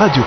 Radio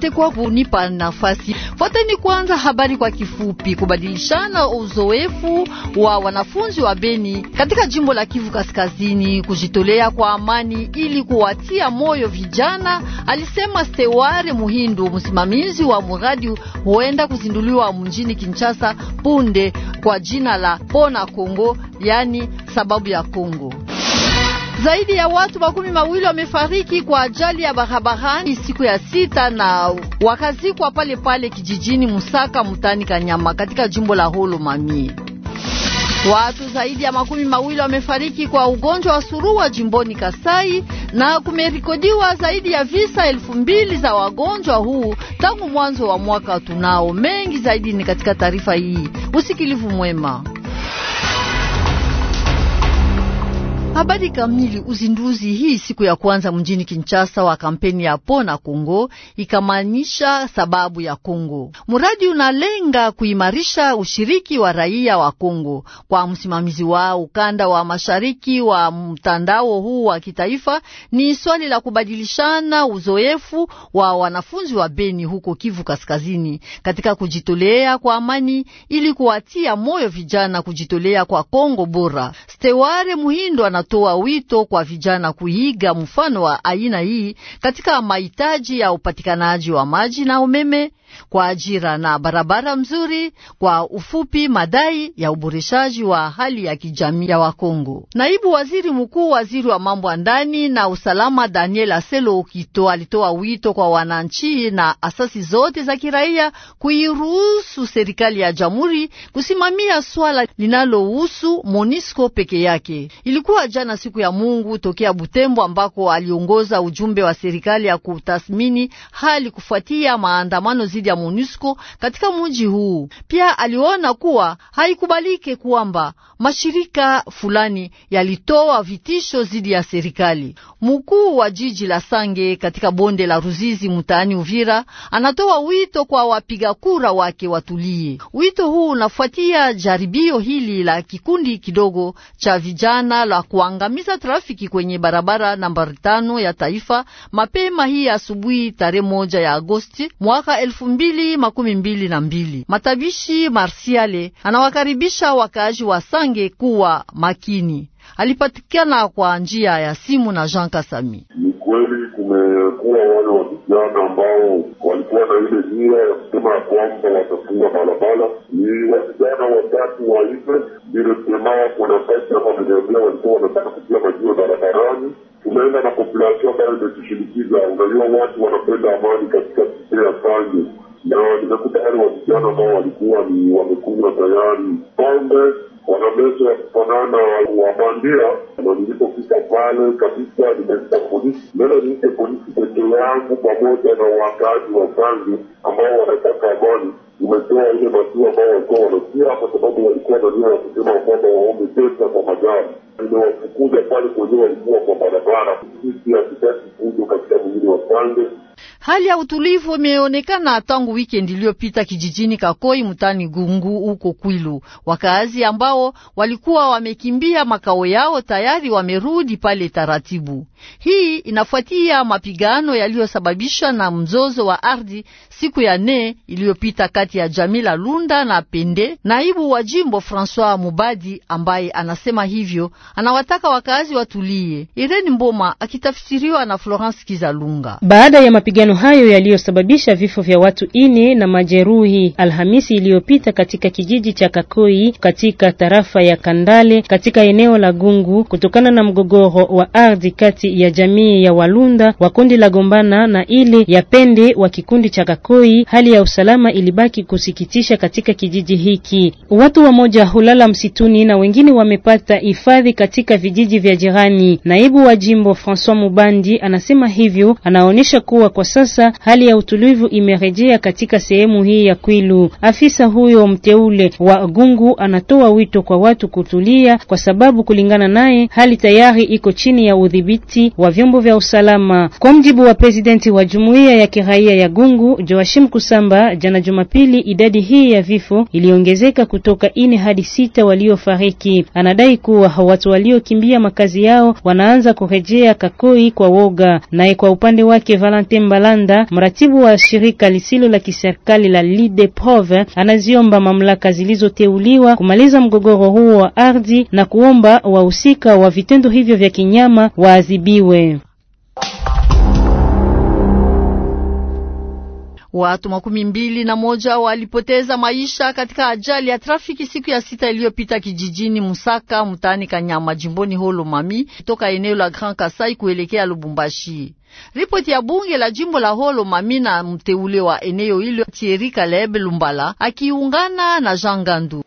Asante kwa kunipa nafasi. Fuateni kwanza habari kwa kifupi. Kubadilishana uzoefu wa wanafunzi wa Beni katika jimbo la Kivu Kaskazini, kujitolea kwa amani ili kuwatia moyo vijana, alisema Steware Muhindu, msimamizi wa mradi huenda kuzinduliwa mjini Kinshasa punde kwa jina la Pona Kongo, yani sababu ya Kongo. Zaidi ya watu makumi mawili wamefariki kwa ajali ya barabarani siku ya sita na wakazikwa pale pale kijijini Musaka mutani Kanyama katika jimbo la Holo Mami. Watu zaidi ya makumi mawili wamefariki kwa ugonjwa wa surua jimboni Kasai na kumerekodiwa zaidi ya visa elfu mbili za wagonjwa huu tangu mwanzo wa mwaka tunao. Mengi zaidi ni katika taarifa hii. Usikilivu mwema. Habari kamili. Uzinduzi hii siku ya kwanza mjini Kinshasa wa kampeni ya Pona Kongo ikamaanisha sababu ya Kongo. Mradi unalenga kuimarisha ushiriki wa raia wa Kongo. Kwa msimamizi wa ukanda wa mashariki wa mtandao huu wa kitaifa, ni swali la kubadilishana uzoefu wa wanafunzi wa Beni huko Kivu Kaskazini katika kujitolea kwa amani ili kuwatia moyo vijana kujitolea kwa Kongo bora. Steware Muhindo ana anatoa wito kwa vijana kuiga mfano wa aina hii katika mahitaji ya upatikanaji wa maji na umeme, kwa ajira na barabara mzuri, kwa ufupi madai ya uboreshaji wa hali ya kijamii ya Wakongo. Naibu waziri mkuu, waziri wa mambo ya ndani na usalama, Daniel Aselo Okito alitoa wito kwa wananchi na asasi zote za kiraia kuiruhusu serikali ya jamhuri kusimamia swala linalohusu MONUSCO peke yake. Ilikuwa jana siku ya Mungu tokea Butembo ambako aliongoza ujumbe wa serikali ya kutathmini hali kufuatia maandamano zidi ya MONUSCO katika mji huu. Pia aliona kuwa haikubalike kwamba mashirika fulani yalitoa vitisho zidi ya serikali. Mkuu wa jiji la Sange katika bonde la Ruzizi mtaani Uvira anatoa wito kwa wapiga kura wake watulie. Wito huu unafuatia jaribio hili la kikundi kidogo cha vijana la kwa kuangamiza trafiki kwenye barabara nambari tano ya taifa mapema hii asubuhi tarehe moja ya Agosti mwaka elfu mbili makumi mbili na mbili. Matabishi Marsiale anawakaribisha wakaaji wa Sange kuwa makini. Alipatikana kwa njia ya simu na Jean Kasami. Ni kweli kumekuwa wale wa vijana ambao walikuwa na ile nia ya kusema ya kwamba watafunga barabara. Ni wavijana watatu waive Nimesimama kuna pesa kama niliongea, walikuwa wanataka kupia maziwa barabarani. tumeenda na populasion ambayo imetushinikiza. Unajua, watu wanapenda amani katika kipea sange na nimekuta wale wavijana ambao walikuwa ni wamekunywa tayari pombe, wanameza ya kufanana wabandia, na nilipofika pale kabisa, nimeita polisi mena niite polisi peke yangu pamoja na wakazi wa sange ambao wanataka amani umetoa ile maziwa ambao walikuwa wamekula, kwa sababu walikuwa najua wakisema kwamba waombe pesa kwa magari. Imewafukuza pale kwenyewe walikuwa kwa barabara. Sisi hatutaki fujo katika mwingine wa Sange. Hali ya utulivu imeonekana tangu wikendi iliyopita kijijini Kakoi mtani Gungu huko Kwilu. Wakaazi ambao walikuwa wamekimbia makao yao tayari wamerudi pale taratibu. Hii inafuatia mapigano yaliyosababishwa na mzozo wa ardhi siku ya nne iliyopita kati ya Jamila Lunda na Pende. Naibu wa jimbo Francois Mubadi ambaye anasema hivyo anawataka wakaazi watulie. Irene Mboma akitafsiriwa na Florence Kizalunga. Baada ya Mapigano hayo yaliyosababisha vifo vya watu ine na majeruhi Alhamisi iliyopita katika kijiji cha Kakoi katika tarafa ya Kandale katika eneo la Gungu kutokana na mgogoro wa ardhi kati ya jamii ya Walunda wa kundi la Gombana na ile ya Pende wa kikundi cha Kakoi. Hali ya usalama ilibaki kusikitisha katika kijiji hiki. Watu wamoja hulala msituni na wengine wamepata hifadhi katika vijiji vya jirani. Naibu wa jimbo Francois Mubandi anasema hivyo, anaonyesha kuwa kwa sasa hali ya utulivu imerejea katika sehemu hii ya Kwilu. Afisa huyo mteule wa Gungu anatoa wito kwa watu kutulia, kwa sababu kulingana naye hali tayari iko chini ya udhibiti wa vyombo vya usalama. Kwa mjibu wa presidenti wa jumuiya ya kiraia ya Gungu, Joashim Kusamba, jana Jumapili, idadi hii ya vifo iliongezeka kutoka ine hadi sita waliofariki. Anadai kuwa watu waliokimbia makazi yao wanaanza kurejea Kakoi kwa woga. Naye kwa upande wake Valentin Mbalanda, mratibu wa shirika lisilo la kiserikali la Lide Prove, anaziomba mamlaka zilizoteuliwa kumaliza mgogoro huo wa ardhi na kuomba wahusika wa vitendo hivyo vya kinyama waadhibiwe. Watu makumi mbili na moja walipoteza maisha katika ajali ya trafiki siku ya sita iliyopita kijijini Musaka mtaani Kanyama jimboni Holomami toka eneo la Grand Kasai kuelekea Lubumbashi. Ripoti ya bunge la jimbo la Holo Mamina, mteule wa eneo hilo Thierry Kaleb Lumbala akiungana na Jean Gandu,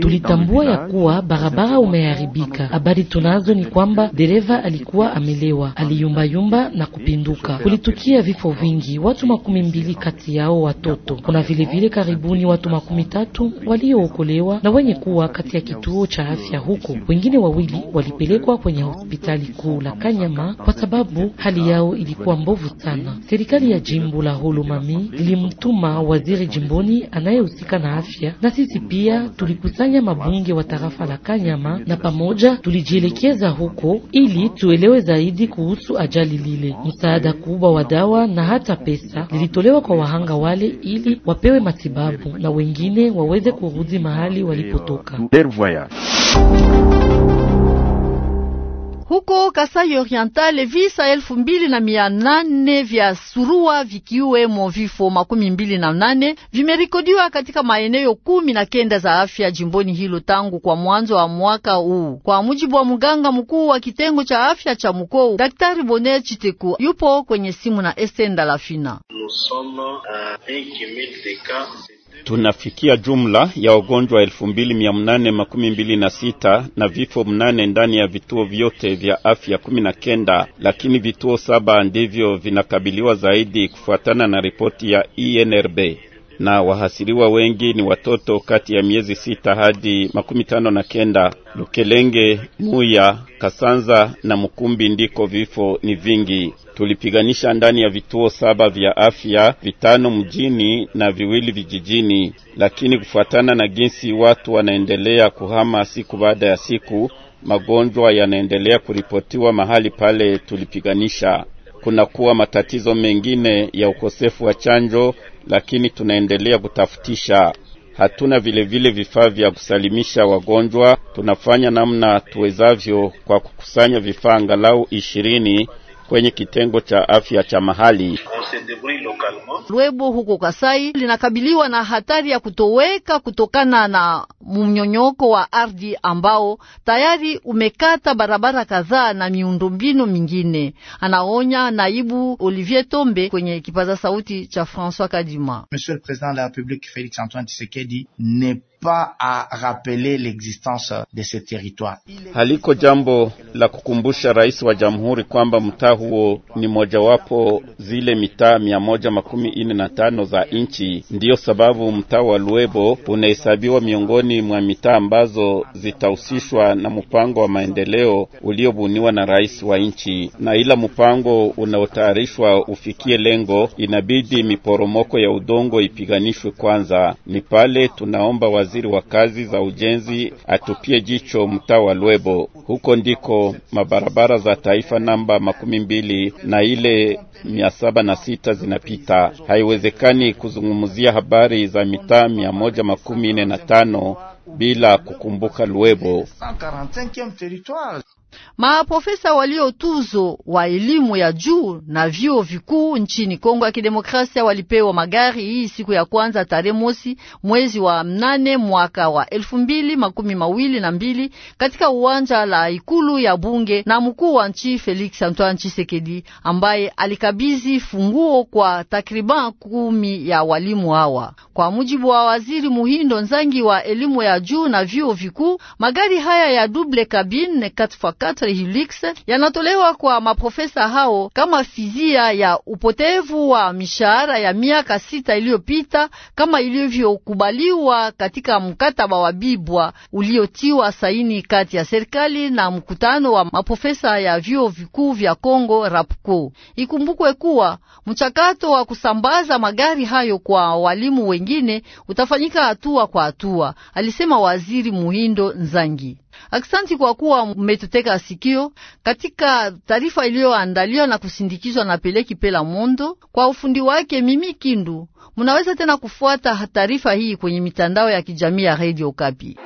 tulitambua ya kuwa barabara umeharibika. Habari tunazo ni kwamba dereva alikuwa amelewa, aliyumbayumba na kupinduka. Kulitukia vifo vingi, watu makumi mbili, kati yao watoto. Kuna vilevile vile karibuni watu makumi tatu waliookolewa na wenye kuwa kati ya kituo cha afya huko, wengine wawili walipelekwa kwenye hospitali kuu la nyama kwa sababu hali yao ilikuwa mbovu sana. Serikali ya jimbo la Holomami ilimtuma waziri jimboni anayehusika na afya, na sisi pia tulikusanya mabunge wa tarafa la Kanyama na pamoja tulijielekeza huko ili tuelewe zaidi kuhusu ajali lile. Msaada kubwa wa dawa na hata pesa lilitolewa kwa wahanga wale ili wapewe matibabu na wengine waweze kurudi mahali walipotoka. Huko Kasai Oriental visa elfu mbili na mia nane vya surua vikiwemo vifo makumi mbili na nane vimerekodiwa katika maeneo kumi na kenda za afya jimboni hilo tangu kwa mwanzo wa mwaka huu, kwa mujibu wa mganga mkuu wa kitengo cha afya cha mkoa Daktari Bone Chiteku. Yupo kwenye simu na esenda Lafina tunafikia jumla ya wagonjwa elfu mbili mia mnane makumi mbili na sita na vifo mnane ndani ya vituo vyote vya afya kumi na kenda lakini vituo saba ndivyo vinakabiliwa zaidi kufuatana na ripoti ya INRB. E na wahasiriwa wengi ni watoto kati ya miezi sita hadi makumi tano na kenda. Lukelenge, Muya, Kasanza na Mukumbi ndiko vifo ni vingi. Tulipiganisha ndani ya vituo saba vya afya, vitano mjini na viwili vijijini, lakini kufuatana na jinsi watu wanaendelea kuhama siku baada ya siku, magonjwa yanaendelea kuripotiwa mahali pale tulipiganisha. Kunakuwa matatizo mengine ya ukosefu wa chanjo lakini tunaendelea kutafutisha. Hatuna vilevile vifaa vya kusalimisha wagonjwa. Tunafanya namna tuwezavyo kwa kukusanya vifaa angalau ishirini kwenye kitengo cha afya cha mahali. lwebo huko Kasai linakabiliwa na hatari ya kutoweka kutokana na mnyonyoko wa ardhi ambao tayari umekata barabara kadhaa na miundombinu mingine, anaonya naibu Olivier Tombe kwenye kipaza sauti cha François Kadima. Monsieur le Président de la République Félix Antoine Tshisekedi pas à rappeler l'existence de ce territoire. Haliko jambo la kukumbusha rais wa jamhuri kwamba mtaa huo ni mojawapo zile mitaa mia moja makumi ine na tano za nchi. Ndiyo sababu mtaa wa Luebo unahesabiwa miongoni mwa mitaa ambazo zitahusishwa na mpango wa maendeleo uliobuniwa na rais wa nchi, na ila mpango unaotayarishwa ufikie lengo, inabidi miporomoko ya udongo ipiganishwe kwanza. Ni pale tunaomba wazi waziri wa kazi za ujenzi atupie jicho mtaa wa Lwebo. Huko ndiko mabarabara za taifa namba makumi mbili na ile mia saba na sita zinapita. Haiwezekani kuzungumzia habari za mitaa mia moja makumi nne na tano bila kukumbuka Lwebo. Maprofesa waliotuzo wa elimu ya juu na vyuo vikuu nchini Kongo ya Kidemokrasia walipewa magari hii siku ya kwanza tarehe mosi mwezi wa mnane mwaka wa elfu mbili makumi mawili na mbili katika uwanja la ikulu ya bunge na mkuu wa nchi Felix Antoine chisekedi ambaye alikabidhi funguo kwa takriban kumi ya walimu hawa. Kwa mujibu wa waziri Muhindo Nzangi wa elimu ya juu na vyuo vikuu, magari haya ya double cabine 4 Quatre Helix yanatolewa kwa maprofesa hao kama fizia ya upotevu wa mishahara ya miaka sita iliyopita kama ilivyokubaliwa katika mkataba wa Bibwa uliotiwa saini kati ya serikali na mkutano wa maprofesa ya vyuo vikuu vya Kongo RAPCO. Ikumbukwe kuwa mchakato wa kusambaza magari hayo kwa walimu wengine utafanyika hatua kwa hatua, alisema waziri Muhindo Nzangi. Akisanti kwa kuwa mmetuteka sikio katika taarifa iliyoandaliwa na kusindikizwa na Peleki Pela Mondo kwa ufundi wake Mimi Kindu. Munaweza tena kufuata taarifa hii kwenye mitandao ya kijamii ya Radio Kapi.